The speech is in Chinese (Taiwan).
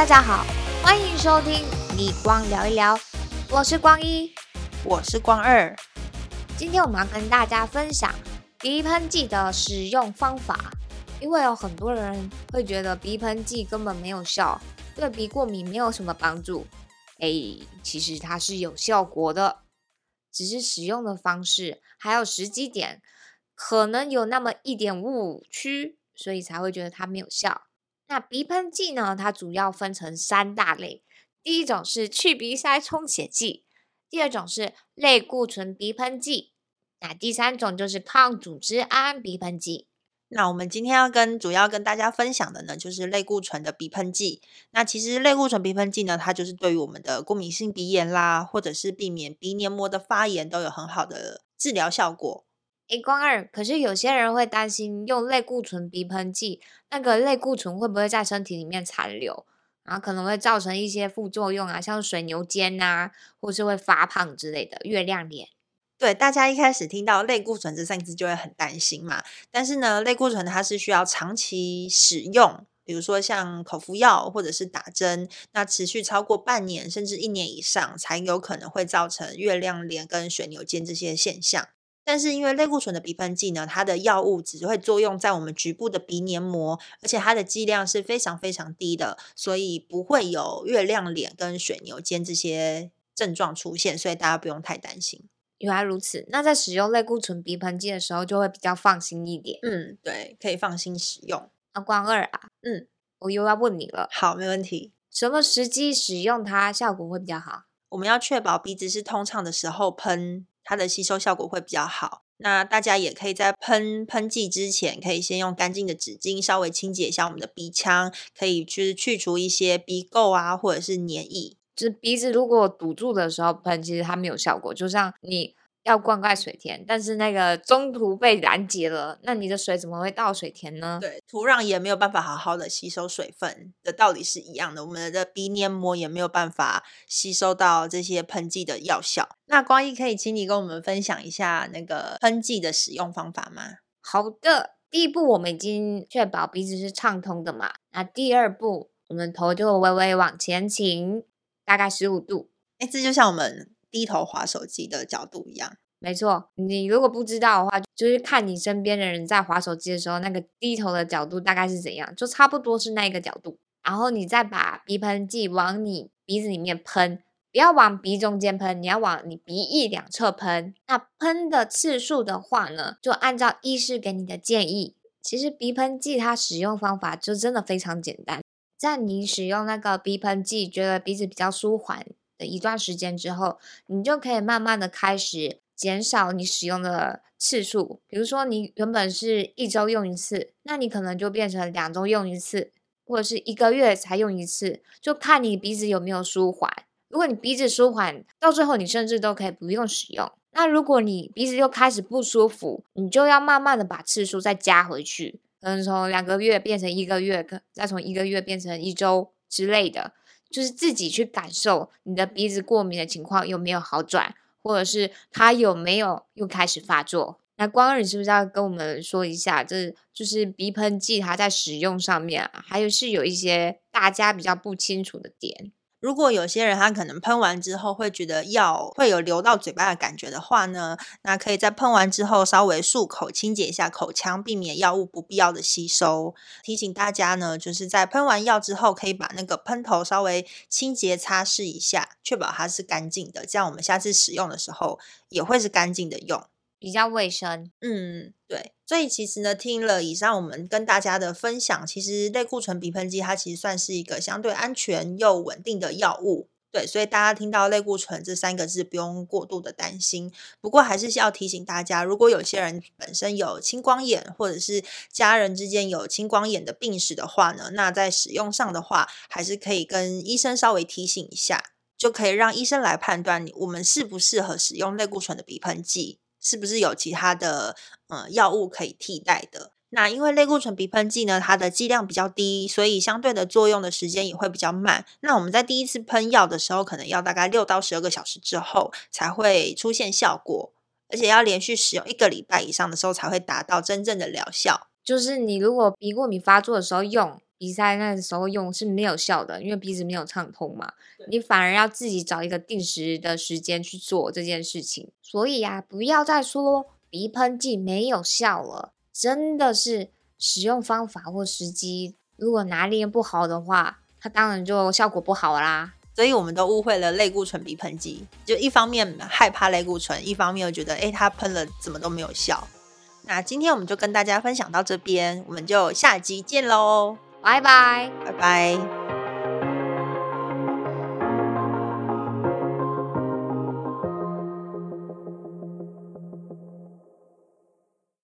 大家好，歡迎收聽《立光聊一聊》，我是光一，我是光二。今天我們要跟大家分享鼻噴劑的使用方法，因為有很多人會覺得鼻噴劑根本沒有效，對鼻過敏沒有什麼幫助。哎，其實它是有效果的，只是使用的方式還有時機點可能有那麼一點誤區，所以才會覺得它沒有效。那鼻噴劑呢？它主要分成三大類，第一種是去鼻塞充血劑，第二種是類固醇鼻噴劑，那第三種就是抗組織胺鼻噴劑。那我們今天要跟主要跟大家分享的呢，就是類固醇的鼻噴劑。那其實類固醇鼻噴劑呢，它就是對於我們的過敏性鼻炎啦，或者是避免鼻黏膜的發炎，都有很好的治療效果。A 光二，可是有些人會擔心用類固醇鼻噴劑，那個類固醇會不會在身體裡面殘留，然後可能會造成一些副作用啊，像水牛肩啊，或是會發胖之類的月亮臉。對，大家一開始聽到類固醇這三個字就會很擔心嘛。但是呢，類固醇它是需要長期使用，比如說像口服藥或者是打針，那持續超過半年甚至一年以上，才有可能會造成月亮臉跟水牛肩這些現象。但是因為類固醇的鼻噴劑呢，它的藥物只會作用在我們局部的鼻黏膜，而且它的劑量是非常非常低的，所以不會有月亮臉跟水牛肩這些症狀出現，所以大家不用太擔心。原來如此，那在使用類固醇鼻噴劑的時候就會比較放心一點。嗯，對，可以放心使用。阿光二啊，嗯，我又要問你了。好，沒問題。什麼時機使用它效果會比較好？我們要確保鼻子是通暢的時候噴。它的吸收效果會比較好。那大家也可以在噴噴劑之前，可以先用乾淨的紙巾稍微清潔一下我們的鼻腔，可以去去除一些鼻垢啊，或者是黏液。就是鼻子如果堵住的時候噴，其實它沒有效果，就像你。要灌溉水田，但是那個中途被攔截了，那你的水怎麼會到水田呢？對，土壤也沒有辦法好好的吸收水分的道理是一樣的。我們的鼻黏膜也沒有辦法吸收到這些噴劑的藥效。那光醫，可以請你跟我們分享一下那個噴劑的使用方法嗎？好的，第一步我們已經確保鼻子是暢通的嘛。那第二步，我們頭就微微往前傾，大概十五度。哎，這就像我們。低頭滑手機的角度一樣，沒錯。你如果不知道的話，就是看你身邊的人在滑手機的時候，那個低頭的角度大概是怎樣，就差不多是那個角度。然後你再把鼻噴劑往你鼻子裡面噴，不要往鼻中間噴，你要往你鼻翼兩側噴。那噴的次數的話呢，就按照醫師給你的建議。其實鼻噴劑它使用方法就真的非常簡單，在你使用那個鼻噴劑覺得鼻子比較舒緩。一段時間之後，你就可以慢慢的開始減少你使用的次數。比如說，你原本是一週用一次，那你可能就變成兩週用一次，或者是一個月才用一次，就看你鼻子有沒有舒緩。如果你鼻子舒緩，到最後你甚至都可以不用使用。那如果你鼻子又開始不舒服，你就要慢慢的把次數再加回去，可能從兩個月變成一個月，可，再從一個月變成一週之類的。就是自己去感受你的鼻子過敏的情況有沒有好轉，或者是它有沒有又開始發作。那光兒，你是不是要跟我們說一下，這、就是、就是鼻噴劑它在使用上面、啊，還有是有一些大家比較不清楚的點？如果有些人他可能噴完之後會覺得藥會有流到嘴巴的感覺的話呢，那可以在噴完之後稍微漱口，清潔一下口腔，避免藥物不必要的吸收。提醒大家呢，就是在噴完藥之後，可以把那個噴頭稍微清潔擦拭一下，確保它是乾淨的，這樣我們下次使用的時候也會是乾淨的用，比較衛生。嗯，對。所以其實呢，聽了以上我們跟大家的分享，其實類固醇鼻噴劑它其實算是一個相對安全又穩定的藥物，對。所以大家聽到類固醇這三個字，不用過度的擔心。不過還是要提醒大家，如果有些人本身有青光眼，或者是家人之間有青光眼的病史的話呢，那在使用上的話，還是可以跟醫生稍微提醒一下，就可以讓醫生來判斷我們適不適合使用類固醇的鼻噴劑。是不是有其他的呃藥物可以替代的？那因為類固醇鼻噴劑呢，它的劑量比較低，所以相對的作用的時間也會比較慢。那我們在第一次噴藥的時候，可能要大概六到十二個小時之後才會出現效果，而且要連續使用一個禮拜以上的時候才會達到真正的療效。就是你如果鼻過敏發作的時候用。鼻塞那時候用是沒有效的，因為鼻子沒有暢通嘛，對你反而要自己找一個定時的時間去做這件事情。所以啊，不要再說鼻噴劑沒有效了，真的是使用方法或時機如果拿捏不好的話，它當然就效果不好啦。所以我們都誤會了類固醇鼻噴劑，就一方面害怕類固醇，一方面又覺得哎、欸，它噴了怎麼都沒有效。那今天我們就跟大家分享到這邊，我們就下集見嘍。拜拜，拜拜。